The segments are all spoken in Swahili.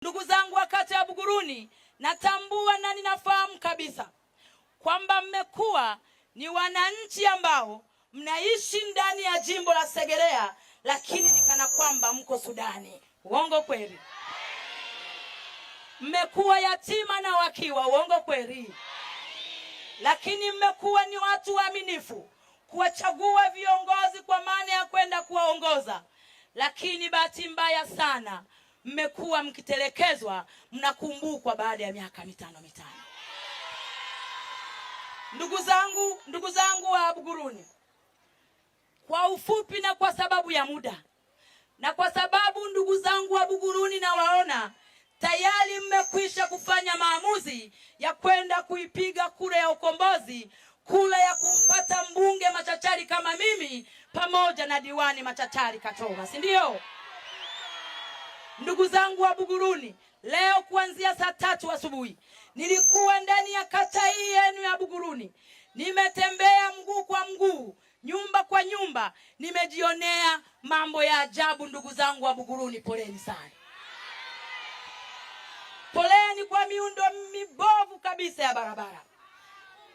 Ndugu zangu wa kata ya Buguruni, natambua na ninafahamu kabisa kwamba mmekuwa ni wananchi ambao mnaishi ndani ya jimbo la Segerea, lakini nikana kwamba mko Sudani. Uongo kweli? Mmekuwa yatima na wakiwa. Uongo kweli? Lakini mmekuwa ni watu waaminifu kuwachagua viongozi kwa maana ya kwenda kuwaongoza, lakini bahati mbaya sana mmekuwa mkitelekezwa, mnakumbukwa baada ya miaka mitano mitano. Ndugu zangu, ndugu zangu wa Buguruni, kwa ufupi na kwa sababu ya muda na kwa sababu ndugu zangu wa Buguruni nawaona tayari mmekwisha kufanya maamuzi ya kwenda kuipiga kura ya ukombozi, kura ya kumpata mbunge machachari kama mimi pamoja na diwani machachari Katoma, si ndio? Ndugu zangu wa Buguruni, leo kuanzia saa tatu asubuhi nilikuwa ndani ya kata hii yenu ya Buguruni, nimetembea mguu kwa mguu, nyumba kwa nyumba, nimejionea mambo ya ajabu. Ndugu zangu wa Buguruni, poleni sana, poleni kwa miundo mibovu kabisa ya barabara.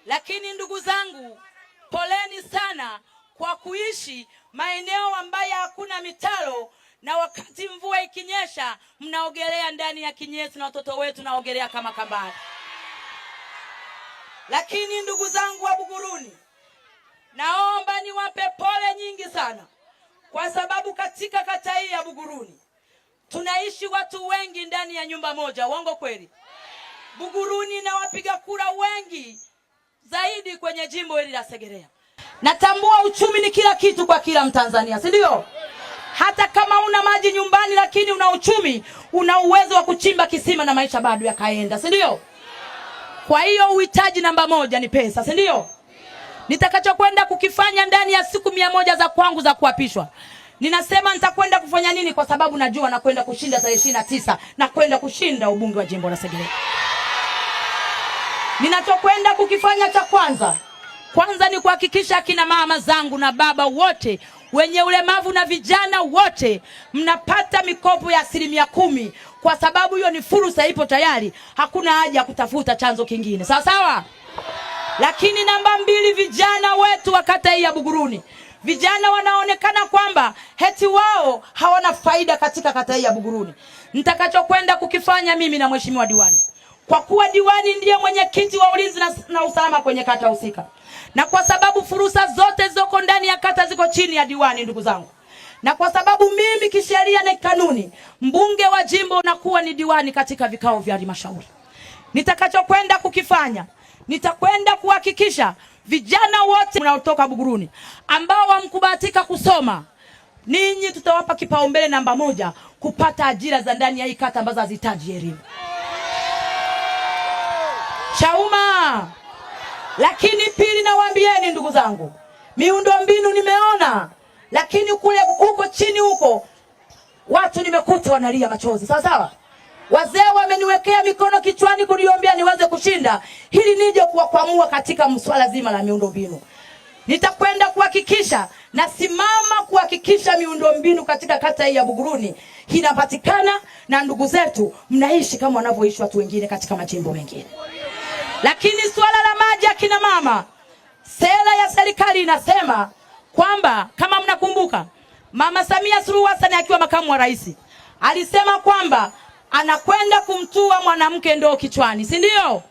Lakini ndugu zangu, poleni sana kwa kuishi maeneo ambayo hakuna mitaro na wakati mvua ikinyesha, mnaogelea ndani ya kinyesi na watoto wetu naogelea kama kambari. Lakini ndugu zangu wa Buguruni, naomba niwape pole nyingi sana, kwa sababu katika kata hii ya Buguruni tunaishi watu wengi ndani ya nyumba moja. Uongo kweli? Buguruni na wapiga kura wengi zaidi kwenye jimbo hili la Segerea. Natambua uchumi ni kila kitu kwa kila Mtanzania, si ndio? Hata kama una maji nyumbani, lakini una uchumi, una uwezo wa kuchimba kisima na maisha bado yakaenda, si ndio? Kwa hiyo uhitaji namba moja ni pesa, si ndio? Nitakachokwenda kukifanya ndani ya siku mia moja za kwangu za kuapishwa, ninasema nitakwenda kufanya nini, kwa sababu najua nakwenda kushinda tarehe ishirini na tisa nakwenda kushinda ubunge wa jimbo la Segerea. Ninachokwenda kukifanya cha kwanza kwanza ni kuhakikisha akina mama zangu na baba wote wenye ulemavu na vijana wote mnapata mikopo ya asilimia kumi, kwa sababu hiyo ni fursa, ipo tayari, hakuna haja ya kutafuta chanzo kingine. Sawa sawa. Lakini namba mbili, vijana wetu wa kata hii ya Buguruni, vijana wanaonekana kwamba heti wao hawana faida katika kata hii ya Buguruni. Nitakachokwenda kukifanya mimi na mheshimiwa diwani kwa kuwa diwani ndiye mwenyekiti wa ulinzi na, na usalama kwenye kata husika, na kwa sababu fursa zote zilizoko ndani ya kata ziko chini ya diwani, ndugu zangu, na kwa sababu mimi kisheria na kanuni, mbunge wa jimbo unakuwa ni diwani katika vikao vya halmashauri. Nitakachokwenda kukifanya, nitakwenda kuhakikisha vijana wote mnaotoka Buguruni ambao wamkubahatika kusoma ninyi tutawapa kipaumbele namba moja kupata ajira za ndani ya hii kata ambazo hazihitaji elimu. Chauma. Lakini pili, nawaambieni ndugu zangu, miundombinu nimeona, lakini kule huko chini huko watu nimekuta wanalia machozi, sawa sawa. Wazee wameniwekea mikono kichwani kuniombea niweze kushinda hili, nije kuwakwamua katika mswala zima la miundombinu. Nitakwenda kuhakikisha nasimama kuhakikisha miundombinu katika kata hii ya Buguruni inapatikana na ndugu zetu mnaishi kama wanavyoishi watu wengine katika majimbo mengine. Lakini suala la maji, akina mama, sera ya serikali inasema kwamba kama mnakumbuka, Mama Samia Suluhu Hassan akiwa makamu wa rais alisema kwamba anakwenda kumtua mwanamke ndoo kichwani, si ndio?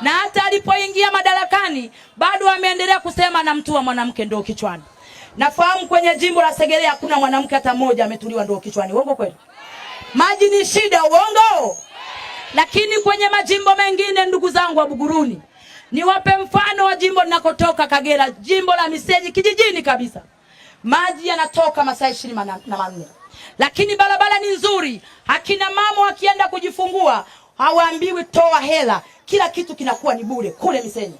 Na hata alipoingia madarakani bado ameendelea kusema anamtua mwanamke ndoo kichwani. Nafahamu kwenye jimbo la Segerea hakuna mwanamke hata mmoja ametuliwa ndoo kichwani. Uongo kweli? Maji ni shida, uongo? Lakini kwenye majimbo mengine, ndugu zangu wa Buguruni, niwape mfano wa jimbo ninakotoka Kagera, jimbo la Misenyi kijijini kabisa, maji yanatoka masaa ishirini na manne, lakini barabara ni nzuri. Akina mama wakienda kujifungua hawaambiwi toa hela, kila kitu kinakuwa ni bure kule Misenyi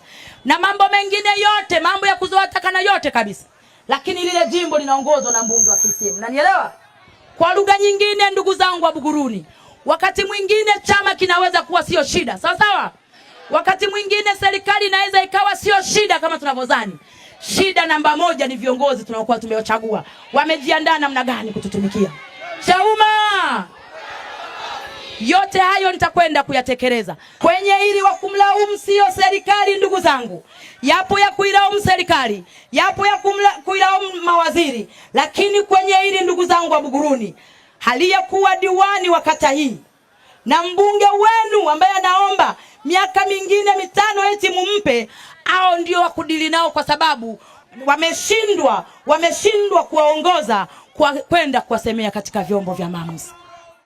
na mambo mengine yote, mambo ya kuzoa taka na yote kabisa. Lakini lile jimbo linaongozwa na mbunge wa CCM, nanielewa. Kwa lugha nyingine, ndugu zangu wa Buguruni Wakati mwingine chama kinaweza kuwa sio shida, sawa sawa. Wakati mwingine serikali inaweza ikawa sio shida kama tunavyozani. Shida namba moja ni viongozi tunaokuwa tumewachagua, wamejiandaa namna gani kututumikia Chauma. Yote hayo nitakwenda kuyatekeleza kwenye hili. Wa kumlaumu sio serikali, ndugu zangu, yapo ya kuilaumu serikali, yapo ya kuilaumu mawaziri, lakini kwenye hili ndugu zangu wa Buguruni haliyekuwa diwani wa kata hii na mbunge wenu ambaye anaomba miaka mingine mitano eti mumpe, hao ndio wa kudili nao, kwa sababu wameshindwa, wameshindwa kuwaongoza kwenda kuwasemea katika vyombo vya maamuzi.